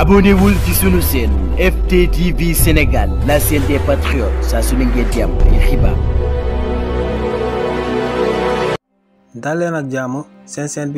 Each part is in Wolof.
abonnewul ci sunu chaîne FTTV Sénégal la chaîne des patriotes saa su ne ngeen di am ay xibaar. daal leen ak jàmm seen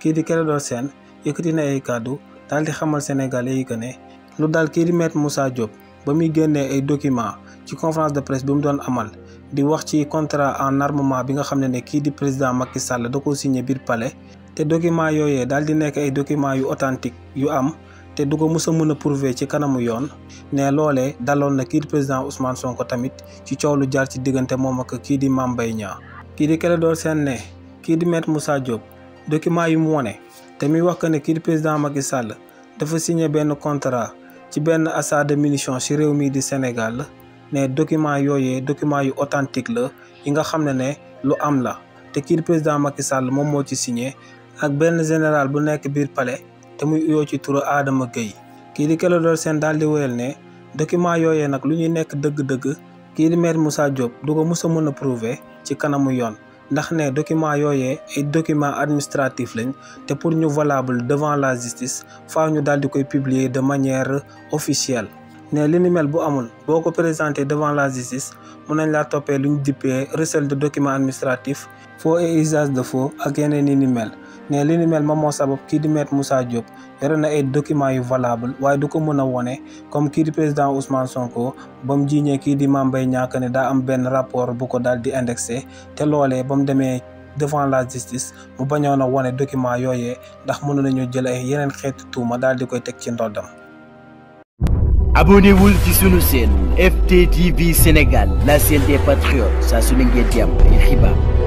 kii di Clédor Sène yëkkati na ay kàddu daal di xamal Sénégal yi que ne lu daal kii di maître Moussa Diop ba muy génnee ay document ci conférence de presse bi mu doon amal di wax ci contrat en armement bi nga xam ne ne kii di président Macky Sall da ko signé biir palais. te document yooyee daal di nekk ay document yu authentique yu am te du ko mës a mën a prouver ci kanamu yoon ne loole daloon na kii di président Ousmane Sonko tamit ci coow lu jar ci diggante moom ak kii di mambay ñaa Niang kii di Clédor seen ne kii di maître Moussa Diop document yu mu wone te muy wax que ne kiir président Macky Sall dafa signe benn contrat ci benn achat de munitions ci réew mii di Sénégal ne document yooyee document yu authentique la yi nga xam ne ne lu am la te kii président Macky Sall moom moo ci signé ak benn général bu nekk biir palais te muy uyoo ci turu aadama Gueye kii di Clédor Sène daal di wéyal ne document yooyee nag lu ñuy nekk dëgg-dëgg kii di maître Moussa Diop du ko mës a mën a prouver ci kanamu yoon ndax ne document yooyee ay document administratif lañ te pour ñu valable devant la justice faaw ñu daal di koy publier de manière officielle ne li mel bu amul boo ko présenté devant la justice mun nañ laa toppee lu ñu dippee recel de document administratif faux de faux ak yeneen yi ne li ni mel moom moo sabab kii di maître Moussa Diop yore na ay documents yu valable waaye du ko mën a wone comme kii di président Ousmane Sonko ba mu jiiñee kii di Mame Mbaye ne daa am benn rapport bu ko daal di indexé te loolee ba mu demee devant la justice mu bañoon a wone document yooyee ndax mënu nañu jël ay yeneen xeetu tuuma daal di koy teg ci ndoddam abonnez-vous ci sunu chaîne FTTV Sénégal la chaîne des patriotes saa su ne ngeen di am ay xibaar